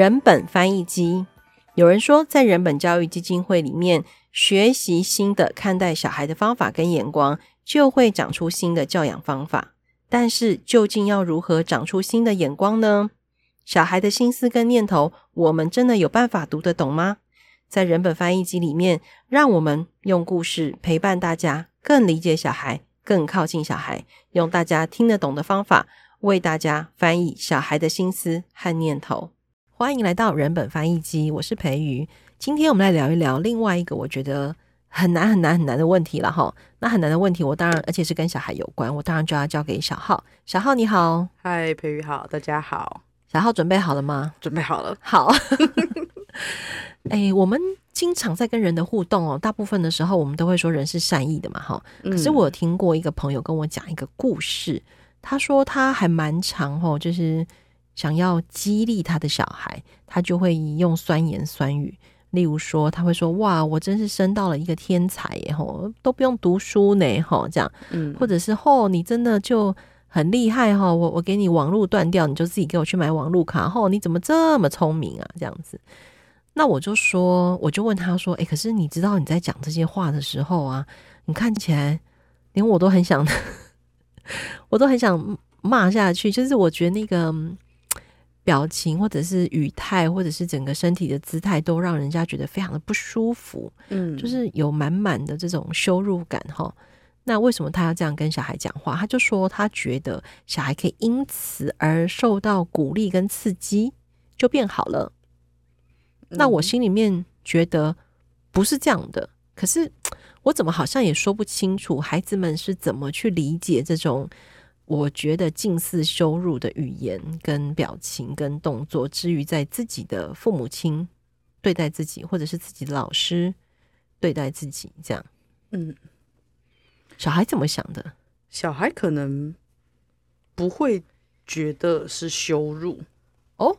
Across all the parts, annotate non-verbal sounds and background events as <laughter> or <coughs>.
人本翻譯機，有人說，在人本教育基金會裡面學習新的看待小孩的方法跟眼光，就會長出新的教養方法。但是，究竟要如何長出新的眼光呢？小孩的心思跟念頭，我們真的有辦法讀得懂嗎？在人本翻譯機裡面，讓我們用故事陪伴大家，更理解小孩，更靠近小孩，用大家聽得懂的方法，為大家翻譯小孩的心思和念頭。歡迎來到人本翻譯機，我是培瑜。今天我們來聊一聊另外一個我覺得很難很難很難的問題了哈。那很難的問題，我當然而且是跟小孩有關，我當然就要交給小浩。小浩你好。嗨，培瑜好，大家好。小浩準備好了嗎？準備好了。好。哎、 <laughs> <laughs> 欸，我們經常在跟人的互動哦，大部分的時候我們都會說人是善意的嘛哈。可是我聽過一個朋友跟我講一個故事，嗯、他說他還蠻長吼、哦，就是。想要激勵他的小孩，他就會用酸言酸語，例如說，他會說：“哇，我真是生到了一個天才耶！都不用讀書呢！吼，這樣，嗯、或者是吼、喔，你真的就很厲害哈！我我給你網絡斷掉，你就自己給我去買網絡卡。吼、喔，你怎麼這麼聰明啊？這樣子，那我就說，我就問他說：，哎、欸，可是你知道，你在講這些話的時候啊，你看起來連我都很想， <laughs> 我都很想罵下去。就是我覺得那個。”表情或者是語態，或者是整個身體的姿態，都讓人家覺得非常的不舒服。嗯，就是有滿滿的這種羞辱感哈。那為什麼他要這樣跟小孩講話？他就說他覺得小孩可以因此而受到鼓勵跟刺激，就變好了。嗯。那我心裡面覺得不是這樣的，可是我怎麼好像也說不清楚孩子們是怎麼去理解這種。我覺得近似羞辱的語言、跟表情、跟動作，至於在自己的父母親對待自己，或者是自己的老師對待自己，這樣，嗯，小孩怎麼想的？小孩可能不會覺得是羞辱哦，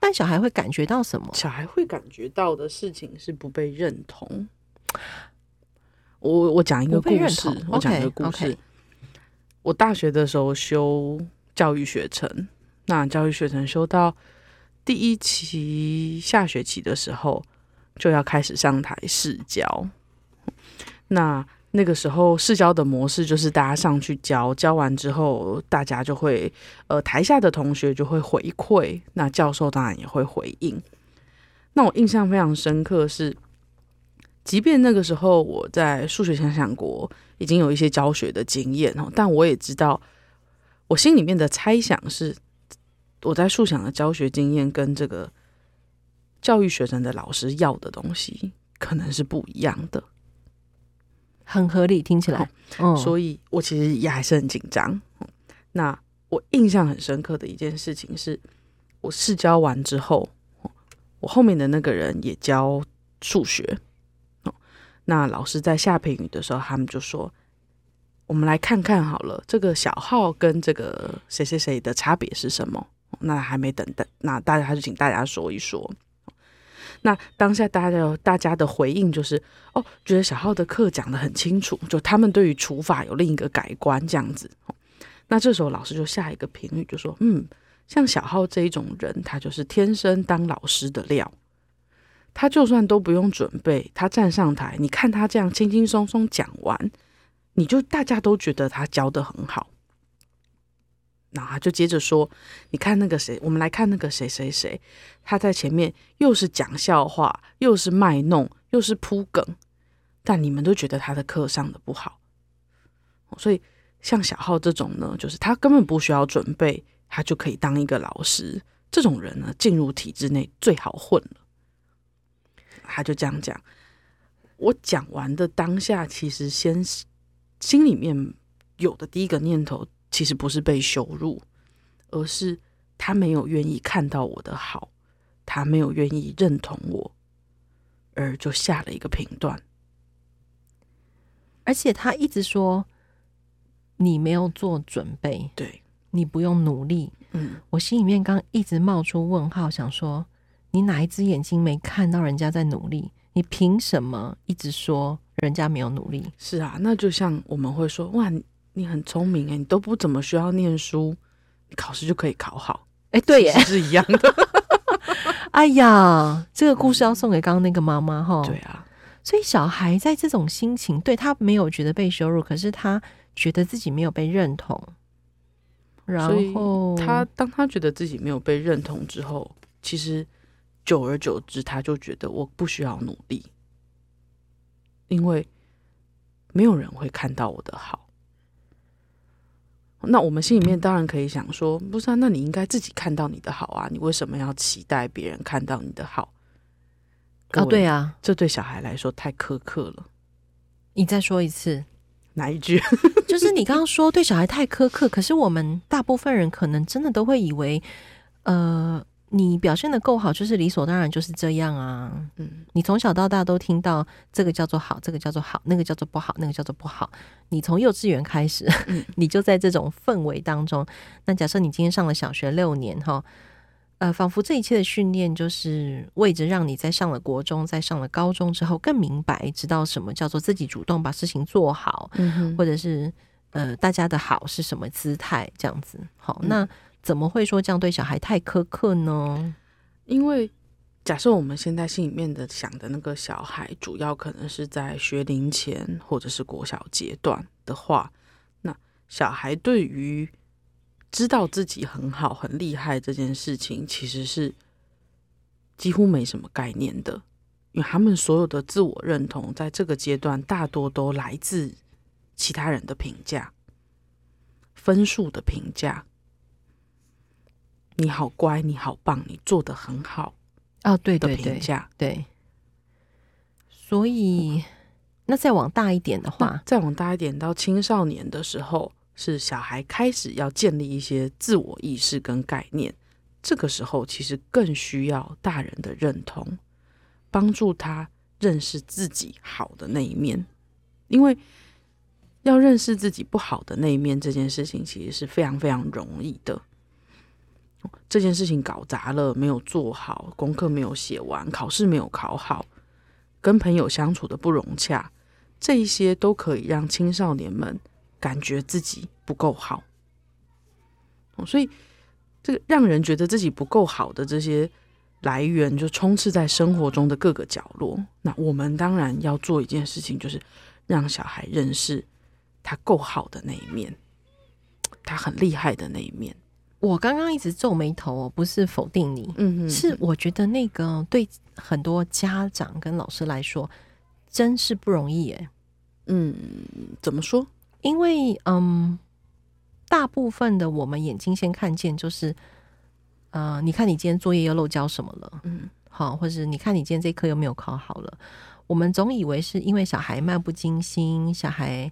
但小孩會感覺到什麼？小孩會感覺到的事情是不被認同。我我講一個故事，不認同，我講一個故事。Okay, okay. 我大學的時候修教育學程，那教育學程修到第一期下學期的時候，就要開始上台試教。那那個時候試教的模式就是大家上去教，教完之後大家就會呃，台下的同學就會回饋，那教授當然也會回應。那我印象非常深刻是。即便那個時候我在數學想想國，已經有一些教學的經驗哦，但我也知道，我心裡面的猜想是，我在數想的教學經驗跟這個教育學生的老師要的東西可能是不一樣的，很合理聽起來，嗯，所以我其實也還是很緊張。哦、那我印象很深刻的一件事情是，我試教完之後，我後面的那個人也教數學。那老師在下評語的時候，他們就說：“我們來看看好了，這個小號跟這個誰誰誰的差別是什麼？”那還沒等等，那大家就請大家說一說。那當下大家大家的回應就是：“哦，覺得小號的課講得很清楚。”就他們對於除法有另一個改觀這樣子。那這時候老師就下一個評語就說：“嗯，像小號這一種人，他就是天生當老師的料。”他就算都不用準備，他站上台，你看他這樣輕輕鬆鬆講完，你就大家都覺得他教得很好。那他就接着說，你看那個誰，我們來看那個誰誰誰，他在前面又是講笑話，又是賣弄，又是鋪梗，但你們都覺得他的課上的不好。所以像小浩這種呢，就是他根本不需要準備，他就可以當一個老師。這種人呢，進入體制內最好混了。他就這樣講，我講完的當下，其實先是心裡面有的第一個念頭，其實不是被羞辱，而是他沒有願意看到我的好，他沒有願意認同我，而就下了一個評斷。而且他一直說你沒有做準備，對你不用努力。嗯，我心裡面剛一直冒出問號，想說。你哪一隻眼睛沒看到人家在努力？你憑什麼一直說人家沒有努力？是啊，那就像我們會說，哇，你很聰明欸，你都不怎麼需要念書，你考試就可以考好欸，對耶。是，是一樣的。 <laughs> 哎呀，這個故事要送給剛剛那個媽媽哈。對啊，所以小孩在這種心情，對他沒有覺得被羞辱，可是他覺得自己沒有被認同。然後他當他覺得自己沒有被認同之後，其實。久而久之，他就覺得我不需要努力，因為沒有人會看到我的好。那我們心裡面當然可以想說，不是啊，那你應該自己看到你的好啊！你為什麼要期待別人看到你的好？哦、啊、對啊，這對小孩來說太苛刻了。你再說一次。哪一句？ <laughs> 就是你剛剛說對小孩太苛刻，可是我們大部分人可能真的都會以為，呃。你表現得夠好，就是理所當然，就是這樣啊。嗯，你從小到大都聽到這個叫做好，這個叫做好，那個叫做不好，那個叫做不好。你從幼稚園開始，嗯、你就在這種氛圍當中。那假設你今天上了小學六年，哈，呃，仿佛這一切的訓練就是為着讓你在上了國中、在上了高中之後更明白，知道什麼叫做自己主動把事情做好，嗯哼，或者是呃，大家的好是什麼姿態，這樣子。好，那。嗯怎麼會說這樣對小孩太苛刻呢？因為假設我們現在心裡面的想的那個小孩，主要可能是在學齡前或者是國小階段的話，那小孩對於知道自己很好、很厲害這件事情，其實是幾乎沒什麼概念的，因為他們所有的自我認同，在這個階段大多都來自其他人的評價、分數的評價。你好乖，你好棒，你做得很好啊，哦！對的，對，的評價，對。所以，那再往大一點的話，再往大一點，到青少年的時候，是小孩開始要建立一些自我意識跟概念。這個時候，其實更需要大人的認同，幫助他認識自己好的那一面，因為要認識自己不好的那一面，這件事情其實是非常非常容易的。這件事情搞砸了，沒有做好，功課沒有寫完，考試沒有考好，跟朋友相處的不融洽，這一些都可以讓青少年們感覺自己不夠好。哦，所以，這個讓人覺得自己不夠好的這些來源，就充斥在生活中的各個角落。那我們當然要做一件事情，就是讓小孩認識他夠好的那一面，他很厲害的那一面。我剛剛一直皺眉頭，不是否定你，嗯哼。是我覺得那個對很多家長跟老師來說真是不容易耶。嗯，怎麼說？因為嗯，大部分的我們眼睛先看見就是，呃，你看你今天作業又漏交什麼了，嗯，好，或是你看你今天這科又沒有考好了，我們總以為是因為小孩漫不經心，小孩。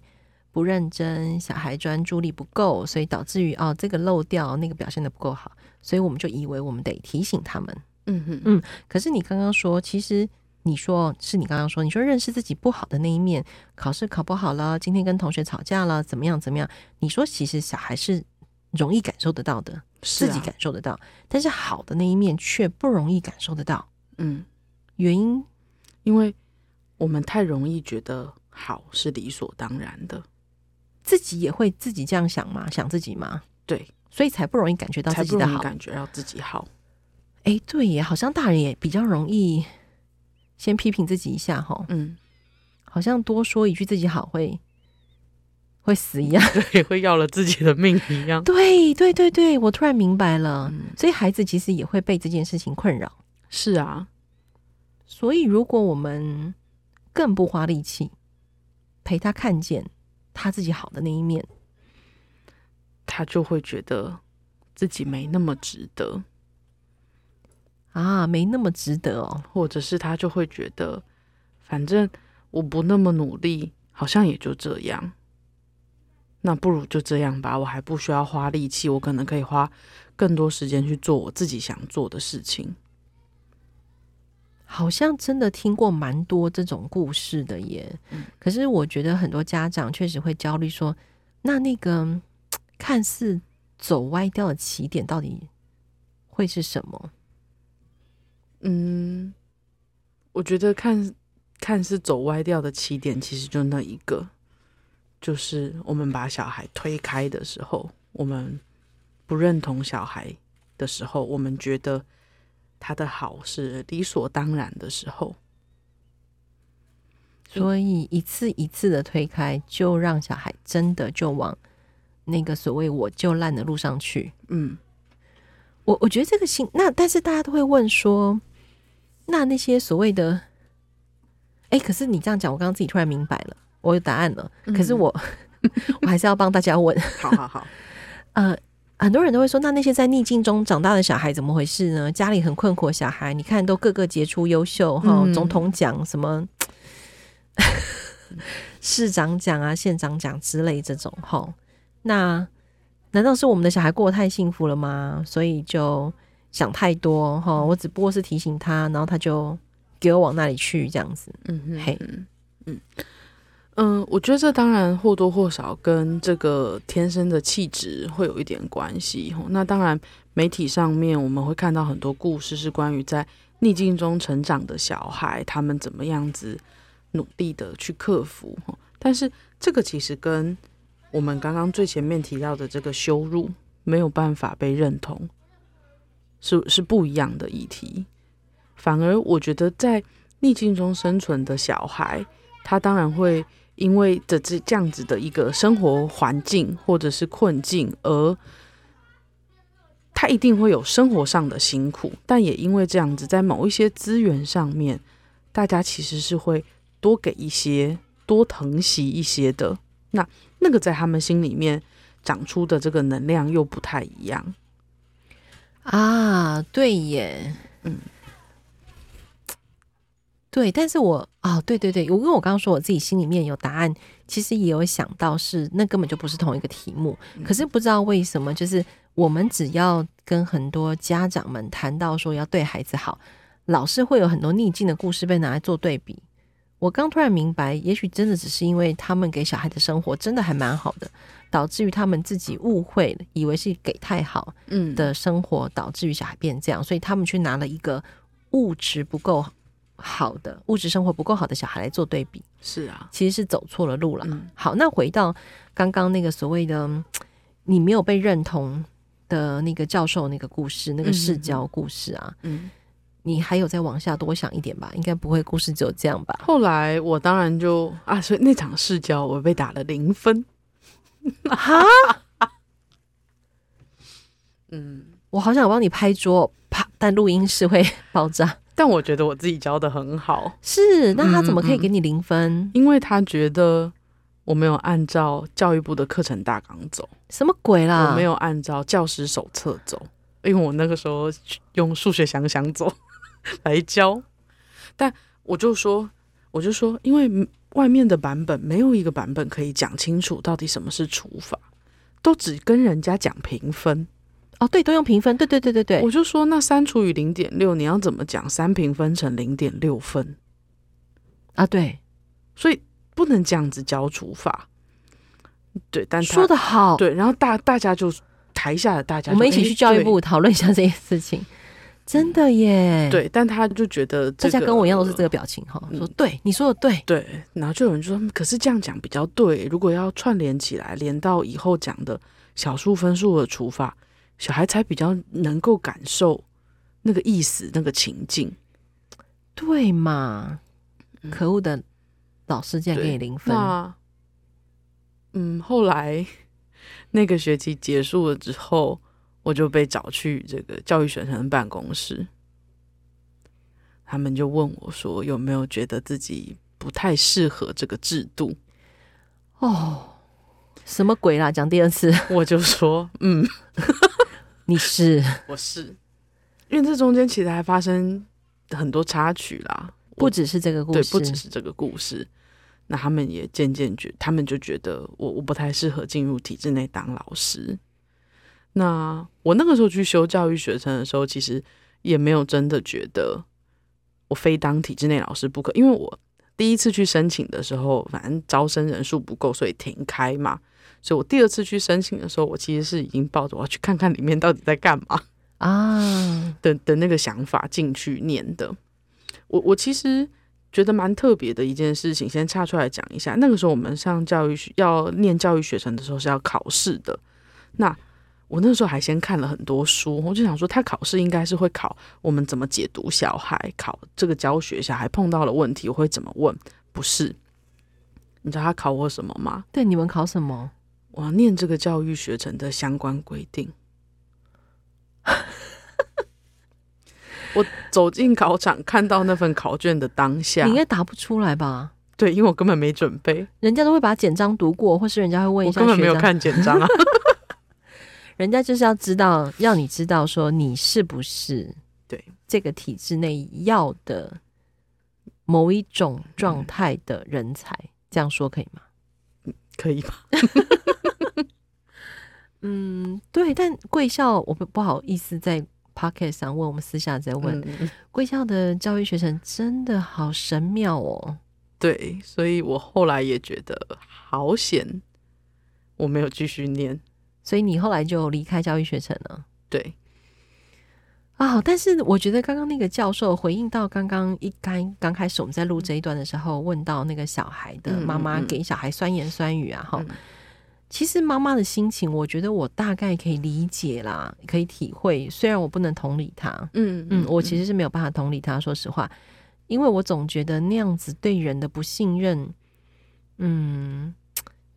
不認真，小孩專注力不夠，所以導致於哦，這個漏掉，那個表現得不夠好，所以我們就以為我們得提醒他們。嗯嗯嗯。嗯，可是你剛剛說，其實你說是你剛剛說，你說認識自己不好的那一面，考試考不好了，今天跟同學吵架了，怎麼樣怎麼樣？你說其實小孩是容易感受得到的，啊、自己感受得到，但是好的那一面卻不容易感受得到。嗯，原因，因為我們太容易覺得好是理所當然的。自己也會自己這樣想嘛？想自己嘛？對，所以才不容易感覺到自己的好。感覺到自己好，哎、欸，對耶，好像大人也比較容易先批評自己一下哈。嗯，好像多說一句自己好會會死一樣，對，會要了自己的命一樣。 <laughs> 對對對對，我突然明白了，嗯、所以孩子其實也會被這件事情困擾。是啊，所以如果我們更不花力氣陪他看見。他自己好的那一面，他就會覺得自己沒那麼值得啊，沒那麼值得哦。或者是他就會覺得，反正我不那麼努力，好像也就這樣。那不如就這樣吧，我還不需要花力氣，我可能可以花更多時間去做我自己想做的事情。好像真的聽過蠻多這種故事的耶，嗯，可是我覺得很多家長確實會焦慮說，那那個看似走歪掉的起點到底會是什麼？嗯，我覺得看看似走歪掉的起點，其實就那一個，就是我們把小孩推開的時候，我們不認同小孩的時候，我們覺得。他的好是理所當然的時候，所以，所以一次一次的推開，就讓小孩真的就往那個所謂我就爛的路上去。嗯，我我覺得這個心，那但是大家都會問說，那那些所謂的，哎，可是你這樣講，我剛剛自己突然明白了，我有答案了。嗯、可是我 <laughs> 我還是要幫大家問。好好好， <laughs> 呃。很多人都會說，那那些在逆境中長大的小孩怎麼回事呢？家裡很困惑，小孩你看都各個傑出優秀哈、哦，總統獎、什麼、嗯、 <laughs> 市長獎啊、縣長獎之類這種、哦、那難道是我們的小孩過得太幸福了嗎？所以就想太多哈、哦。我只不過是提醒他，然後他就給我往那裡去這樣子。嗯嗯哼嘿嗯。嗯，我覺得這當然或多或少跟這個天生的氣質會有一點關係。那當然，媒體上面我們會看到很多故事，是關於在逆境中成長的小孩，他們怎麼樣子努力的去克服。但是這個其實跟我們剛剛最前面提到的這個羞辱沒有辦法被認同，是是不一樣的議題。反而我覺得在逆境中生存的小孩，他當然會。因為這這樣子的一個生活環境或者是困境，而他一定會有生活上的辛苦，但也因為這樣子，在某一些資源上面，大家其實是會多給一些、多疼惜一些的。那那個在他們心裡面長出的這個能量又不太一樣啊，對耶，嗯。對，但是我啊、哦，對對對，我跟我剛剛說，我自己心裡面有答案，其實也有想到是那根本就不是同一個題目。可是不知道為什麼，就是我們只要跟很多家長們談到說要對孩子好，老是會有很多逆境的故事被拿來做對比。我剛突然明白，也許真的只是因為他們給小孩的生活真的還蠻好的，導致於他們自己誤會，以為是給太好的生活，導致於小孩變這樣，所以他們去拿了一個物質不夠好的物質生活不夠好的小孩來做對比，是啊，其實是走錯了路了。嗯、好，那回到剛剛那個所謂的你沒有被認同的那個教授那個故事，嗯、哼那個視角故事啊，嗯，你還有再往下多想一點吧，應該不會故事只有這樣吧？後來我當然就啊，所以那場視角我被打了零分， <laughs> 哈， <laughs> 嗯，我好想幫你拍桌啪，但錄音室會爆炸。但我覺得我自己教得很好，是，那他怎麼可以給你零分？嗯嗯？因為他覺得我沒有按照教育部的課程大綱走，什麼鬼啦？我沒有按照教師手冊走，因為我那個時候用數學想想走 <laughs> 來教，但我就說，我就說，因為外面的版本沒有一個版本可以講清楚到底什麼是除法，都只跟人家講平分。哦，對，都用平分，對對對對對。我就說，那三除以零點六，你要怎麼講？三平分成零點六分？啊，對，所以不能這樣子教除法。對，但他說的好，對，然後大大家就台下的大家就，我們一起去教育部、哎、討論一下這件事情。真的耶，對，但他就覺得、這個、大家跟我一樣都是這個表情哈，呃、說對，你說的對，對。然後就有人就說，可是這樣講比較對，如果要串聯起來，連到以後講的小數分數的除法。小孩才比較能夠感受那個意思，那個情境，對嘛？嗯、可惡的老師竟然給你零分。嗯，後來那個學期結束了之後，我就被找去這個教育學生辦公室，他們就問我說：“有沒有覺得自己不太適合這個制度？”哦，什麼鬼啦？講第二次，我就說：“嗯。” <laughs> 你是， <laughs> 我是，因為這中間其實還發生很多插曲啦，不只是這個故事，對，不只是這個故事，那他們也漸漸覺得，他們就覺得我我不太適合進入體制內當老師。那我那個時候去修教育學程的時候，其實也沒有真的覺得我非當體制內老師不可，因為我第一次去申請的時候，反正招生人數不夠，所以停開嘛。所以我第二次去申請的時候，我其實是已經抱着我要去看看裡面到底在幹嘛的啊的的那個想法進去念的。我我其實覺得蠻特別的一件事情，先插出來講一下。那個時候我們上教育學要念教育學程的時候是要考試的。那我那個時候還先看了很多書，我就想說，他考試應該是會考我們怎麼解讀小孩，考這個教學小孩碰到了問題我會怎麼問，不是？你知道他考我什麼嗎？對，你們考什麼？我要念這個教育學程的相關規定。 <laughs> 我走進考場，看到那份考卷的當下，你應該答不出來吧？對，因為我根本沒準備。人家都會把簡章讀過，或是人家會問一下。我根本沒有看簡章啊。 <laughs> 人家就是要知道，要你知道說你是不是對這個體制內要的某一種狀態的人才。嗯。這樣說可以嗎？可以嗎？ <laughs> <laughs> 嗯，對，但貴校我不，不好意思在 podcast 上問，我們私下再問。貴、嗯、校的教育學程真的好神妙哦。對，所以我後來也覺得好險，我沒有繼續念。所以你後來就離開教育學程了？對。啊、哦！但是我覺得剛剛那個教授回應到，剛剛一開剛，剛開始我們在錄這一段的時候，嗯、問到那個小孩的媽媽給小孩酸言酸語啊，哈、嗯，其實媽媽的心情，我覺得我大概可以理解啦，可以體會。雖然我不能同理她，嗯嗯，嗯，我其實是沒有辦法同理她。嗯、說實話，因為我總覺得那樣子對人的不信任，嗯，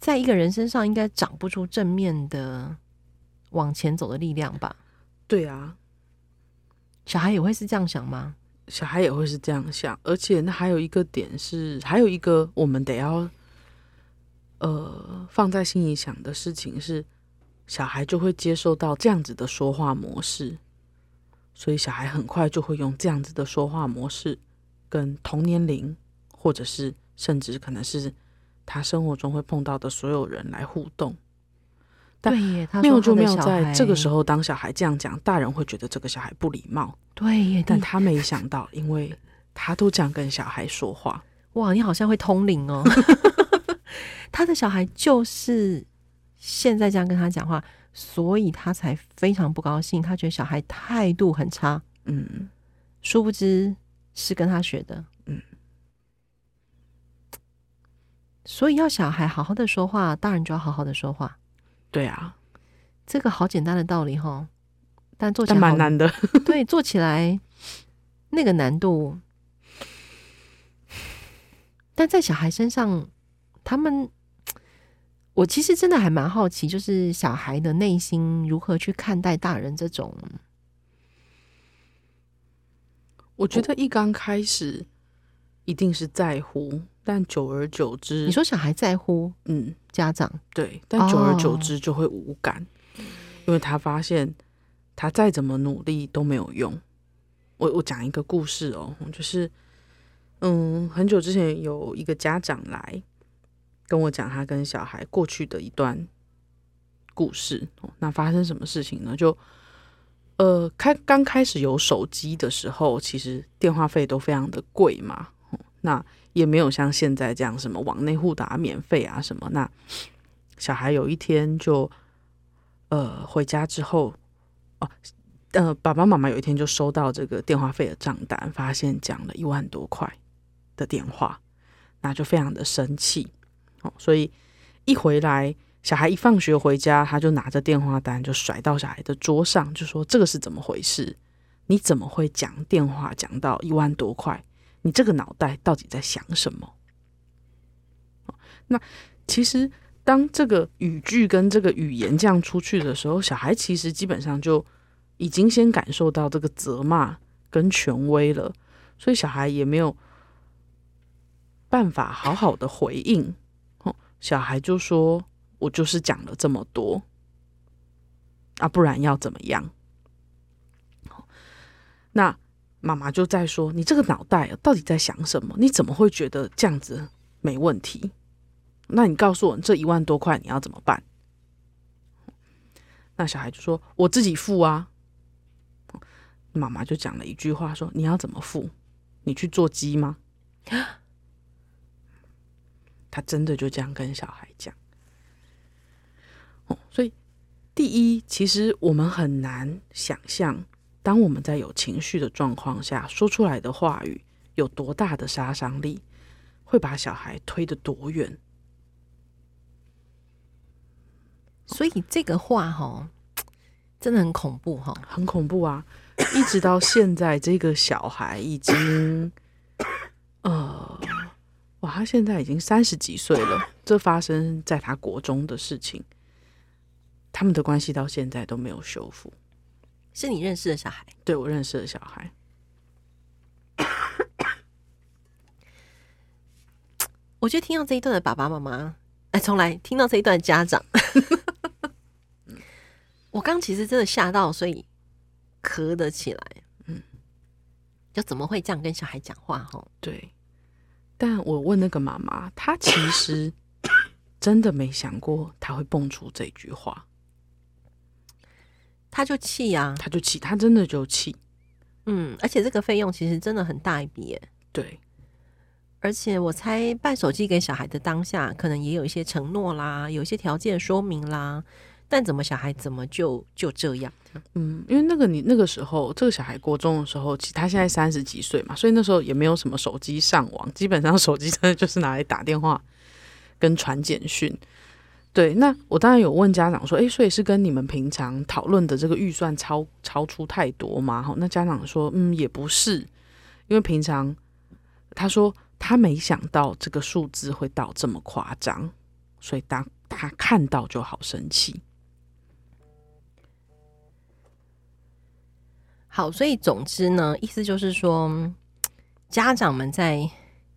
在一個人身上應該長不出正面的往前走的力量吧？對啊。小孩也會是這樣想嗎？小孩也會是這樣想，而且那還有一個點是，還有一個我們得要，呃，放在心裡想的事情是，小孩就會接受到這樣子的說話模式，所以小孩很快就會用這樣子的說話模式跟同年齡，或者是甚至可能是他生活中會碰到的所有人來互動。對耶，他說他的沒有，就沒有。在這個時候，當小孩這樣講，大人會覺得這個小孩不禮貌。對耶，但他沒想到，你因為他都這樣跟小孩說話，哇，你好像會通靈哦。 <laughs> <laughs> 他的小孩就是現在這樣跟他講話，所以他才非常不高興。他覺得小孩態度很差。嗯，殊不知是跟他學的。嗯，所以要小孩好好的說話，大人就要好好的說話。對啊，這個好簡單的道理哈、哦，但做起來蠻難的。 <laughs> 對，做起來那個難度，但在小孩身上，他們，我其實真的還蠻好奇，就是小孩的內心如何去看待大人這種。我覺得一剛開始。一定是在乎，但久而久之，你說小孩在乎，嗯，家長，對，但久而久之就會無感，哦、因為他發現他再怎麼努力都沒有用。我我講一個故事哦，就是嗯，很久之前有一個家長來跟我講他跟小孩過去的一段故事，那發生什麼事情呢？就呃，開剛開始有手機的時候，其實電話費都非常的貴嘛。那也沒有像現在這樣什麼網內互打免費啊什麼。那小孩有一天就呃回家之後，哦，呃爸爸媽媽有一天就收到這個電話費的賬單，發現講了一萬多塊的電話，那就非常的生氣。哦，所以一回來，小孩一放學回家，他就拿着電話單就甩到小孩的桌上，就說：“這個是怎麼回事？你怎麼會講電話講到一萬多塊？”你這個腦袋到底在想什麼？那其實，當這個語句跟這個語言這樣出去的時候，小孩其實基本上就已經先感受到這個責罵跟權威了，所以小孩也沒有辦法好好的回應。小孩就說：“我就是講了這麼多啊，不然要怎麼樣？”那。媽媽就在說：“你這個腦袋到底在想什麼？你怎麼會覺得這樣子沒問題？那你告訴我，這一萬多塊你要怎麼辦？”那小孩就說：“我自己付啊。”媽媽就講了一句話說：“你要怎麼付？你去做雞嗎？”他真的就這樣跟小孩講。哦，所以第一，其實我們很難想象，當我們在有情緒的狀況下說出來的話語有多大的殺傷力，會把小孩推得多遠？所以這個話吼，真的很恐怖哈，很恐怖啊！一直到現在，這個小孩已經，呃，哇，他現在已經三十幾歲了，這發生在他國中的事情，他們的關係到現在都沒有修復。是你認識的小孩？對，我認識的小孩。 <coughs> 我覺得聽到這一段的爸爸媽媽，哎、欸，重來，聽到這一段的家長， <laughs> 我剛其實真的嚇到，所以咳得起來。嗯，就怎麼會這樣跟小孩講話？哈，對。但我問那個媽媽，她其實真的沒想過，她會蹦出這句話。他就氣呀、啊，他就氣，他真的就氣。嗯，而且這個費用其實真的很大一筆耶，對。而且我猜辦手機給小孩的當下，可能也有一些承諾啦，有一些條件說明啦。但怎麼小孩怎麼就就這樣？嗯，因為那個你那個時候，這個小孩國中的時候，他現在三十幾歲嘛，所以那時候也沒有什麼手機上網，基本上手機真的就是拿來打電話跟傳簡訊。對，那我當然有問家長說，哎，所以是跟你們平常討論的這個預算超超出太多嗎？好，那家長說，嗯，也不是，因為平常他說他沒想到這個數字會到這麼誇張，所以當他，他看到就好生氣。好，所以總之呢，意思就是說，家長們在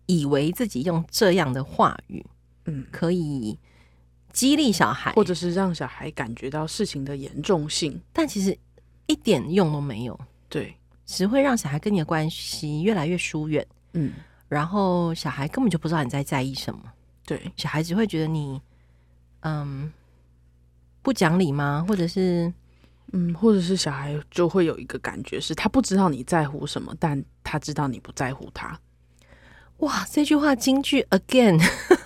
以為自己用這樣的話語，嗯，可以激勵小孩，或者是讓小孩感覺到事情的嚴重性，但其實一點用都沒有。對，只會讓小孩跟你的關係越來越疏遠。嗯，然後小孩根本就不知道你在在意什麼？對，小孩子會覺得你，嗯，不講理嗎？或者是，嗯，或者是小孩就會有一個感覺，是他不知道你在乎什麼，但他知道你不在乎他。哇，這句話金句 again。 <laughs>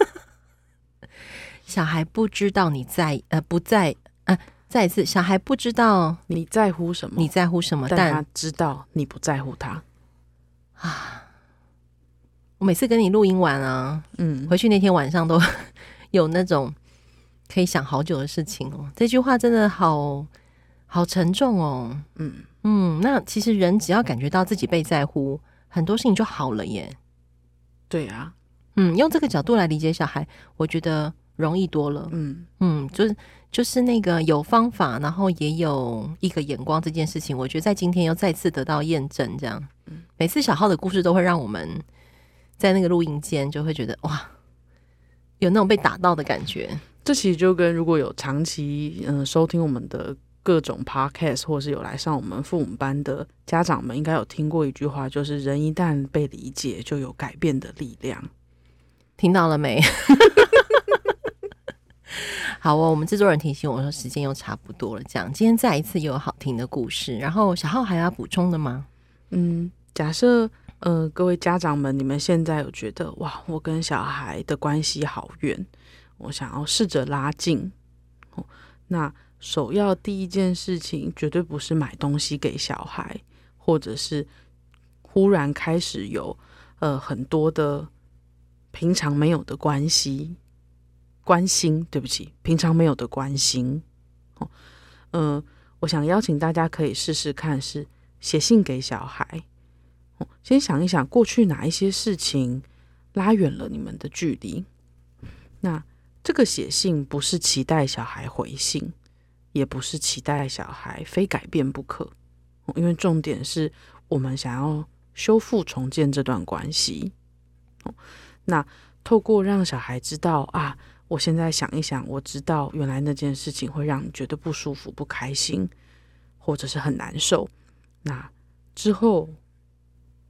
小孩不知道你在呃不在啊？再一次，小孩不知道你在乎什麼？你在乎什麼？但他知道你不在乎他啊！我每次跟你錄音完啊，嗯，回去那天晚上都 <laughs> 有那種可以想好久的事情哦。這句話真的好好沉重哦。嗯嗯，那其實人只要感覺到自己被在乎，很多事情就好了耶。對啊，嗯，用這個角度來理解小孩，我覺得。容易多了，嗯嗯，就是就是那個有方法，然後也有一個眼光，這件事情，我覺得在今天又再次得到驗證。這樣，每次小號的故事都會讓我們在那個錄音間就會覺得哇，有那種被打到的感覺。這其實就跟如果有長期嗯、呃、收聽我們的各種 podcast，或是有來上我們父母班的家長們，應該有聽過一句話，就是人一旦被理解，就有改變的力量。聽到了沒？ <laughs> 好哦，我們製作人提醒我說，時間又差不多了。這樣今天再一次又有好聽的故事，然後小浩還要補充的嗎？嗯，假設呃各位家長們，你們現在有覺得哇，我跟小孩的關係好遠，我想要試着拉近。哦，那首要第一件事情絕對不是買東西給小孩，或者是忽然開始有呃很多的平常沒有的關係。關心，對不起，平常沒有的關心。嗯，哦，呃，我想邀請大家可以試試看，是寫信給小孩。哦，先想一想過去哪一些事情拉遠了你們的距離。那這個寫信不是期待小孩回信，也不是期待小孩非改變不可。哦，因為重點是我們想要修復重建這段關係。哦，那透過讓小孩知道啊，我現在想一想，我知道原來那件事情會讓你覺得不舒服、不開心，或者是很難受。那之後，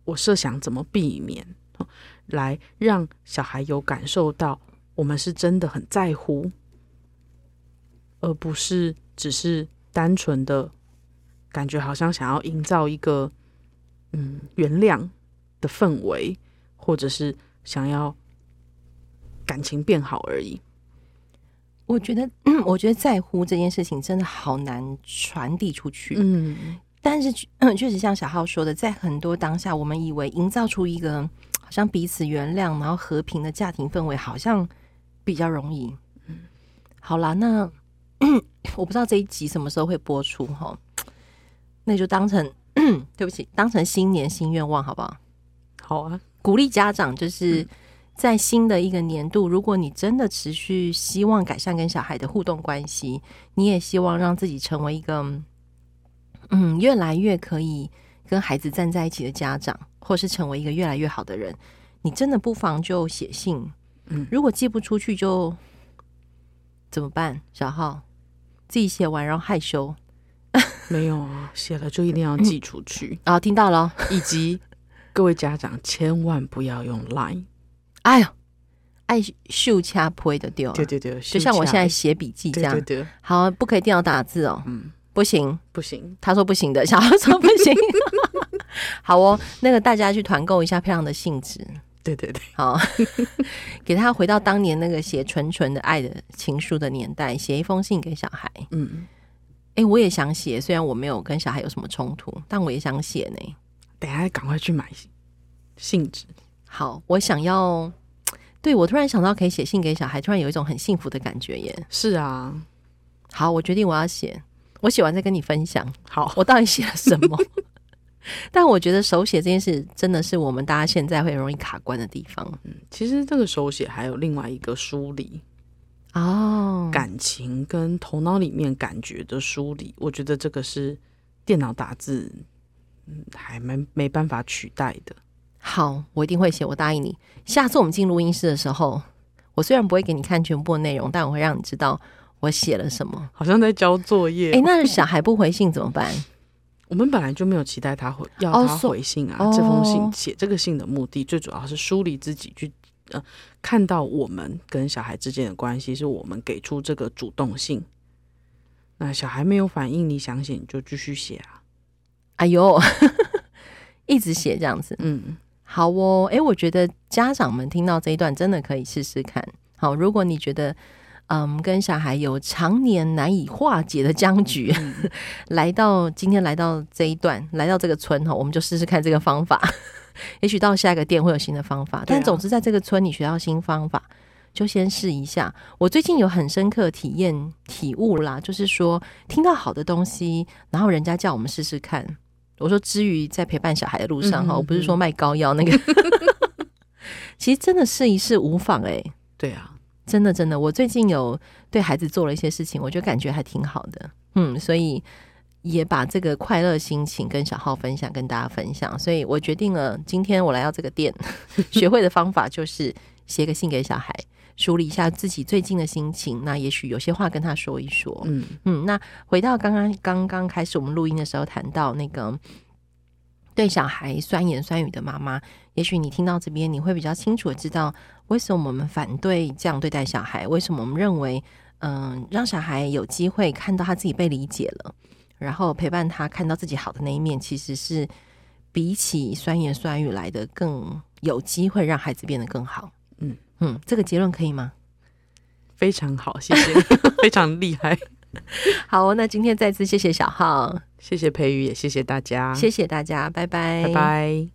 我設想怎麼避免，來讓小孩有感受到我們是真的很在乎，而不是只是單純的感覺，好像想要營造一個嗯，原諒的氛圍，或者是想要。感情變好而已，我覺得、嗯，我覺得在乎這件事情真的好難傳遞出去。嗯，但是確實、嗯就是、像小浩說的，在很多當下，我們以為營造出一個好像彼此原諒，然後和平的家庭氛圍，好像比較容易。嗯、好啦，那、嗯、我不知道這一集什麼時候會播出吼，那就當成、嗯、對不起，當成新年新願望好不好？好啊，鼓勵家長就是。嗯在新的一個年度，如果你真的持續希望改善跟小孩的互動關係，你也希望讓自己成為一個，嗯，越來越可以跟孩子站在一起的家長，或是成為一個越來越好的人，你真的不妨就寫信。嗯、如果寄不出去就怎麼辦？小浩自己寫完然後害羞？ <laughs> 沒有啊、哦，寫了就一定要寄出去啊、嗯哦！聽到了、哦。以及 <laughs> 各位家長，千萬不要用 Line。哎呦，愛秀掐破的掉，對，對對對，就像我現在寫筆記這樣，對對對好，啊，不可以掉打字哦！不行，嗯、不行，不行他說不行的，小孩說不行， <laughs> 好哦，那個大家去團購一下漂亮的信紙，對對對，好， <laughs> 給他回到當年那個寫純純的愛的情書的年代，寫一封信給小孩，嗯，哎，我也想寫，雖然我沒有跟小孩有什麼衝突，但我也想寫呢，等下趕快去買信信紙。好，我想要，對，我突然想到可以寫信給小孩，突然有一種很幸福的感覺耶。是啊，好，我決定我要寫，我寫完再跟你分享。好，我到底寫了什麼？ <laughs> 但我覺得手寫這件事真的是我們大家現在會容易卡關的地方。嗯，其實這個手寫還有另外一個梳理哦，感情跟頭腦裡面感覺的梳理，我覺得這個是電腦打字嗯，還沒沒辦法取代的。好，我一定會寫，我答應你。下次我們進錄音室的時候，我雖然不會給你看全部的內容，但我會讓你知道我寫了什麼。好像在交作業，哦。哎、欸，那是小孩不回信怎麼辦？ <laughs> 我們本來就沒有期待他回，要他回信啊。Oh, so, oh, 這封信寫這個信的目的，最主要是梳理自己去，去呃看到我們跟小孩之間的關係，是我們給出這個主動性。那小孩沒有反應，你想寫你就繼續寫啊。哎呦， <laughs> 一直寫這樣子，嗯。好哦，誒，我覺得家長們聽到這一段真的可以試試看。好，如果你覺得，嗯，跟小孩有常年難以化解的僵局，嗯、來到今天來到這一段，來到這個村哈，我們就試試看這個方法。也許到下一個店會有新的方法，啊、但總之在這個村你學到新方法，就先試一下。我最近有很深刻體驗，體悟啦，就是說聽到好的東西，然後人家叫我們試試看。我說，之餘，在陪伴小孩的路上哈，嗯、我不是說賣膏藥那個，嗯，嗯、 <laughs> 其實真的試一試無妨哎，欸。對啊，真的真的，我最近有對孩子做了一些事情，我就感覺還挺好的，嗯，所以也把這個快樂心情跟小號分享，跟大家分享。所以我決定了，今天我來到這個店， <laughs> 學會的方法就是寫個信給小孩。梳理一下自己最近的心情，那也許有些話跟他說一說。嗯嗯，那回到剛剛剛剛開始我們錄音的時候，談到那個對小孩酸言酸語的媽媽，也許你聽到這邊，你會比較清楚知道為什麼我們反對這樣對待小孩，為什麼我們認為，嗯、呃，讓小孩有機會看到他自己被理解了，然後陪伴他看到自己好的那一面，其實是比起酸言酸語來得更有機會讓孩子變得更好。嗯，這個結論可以嗎？非常好，謝謝， <laughs> 非常厲害。 <laughs> 好，那今天再次謝謝小浩，謝謝培宇，也謝謝大家，謝謝大家，拜拜，拜拜。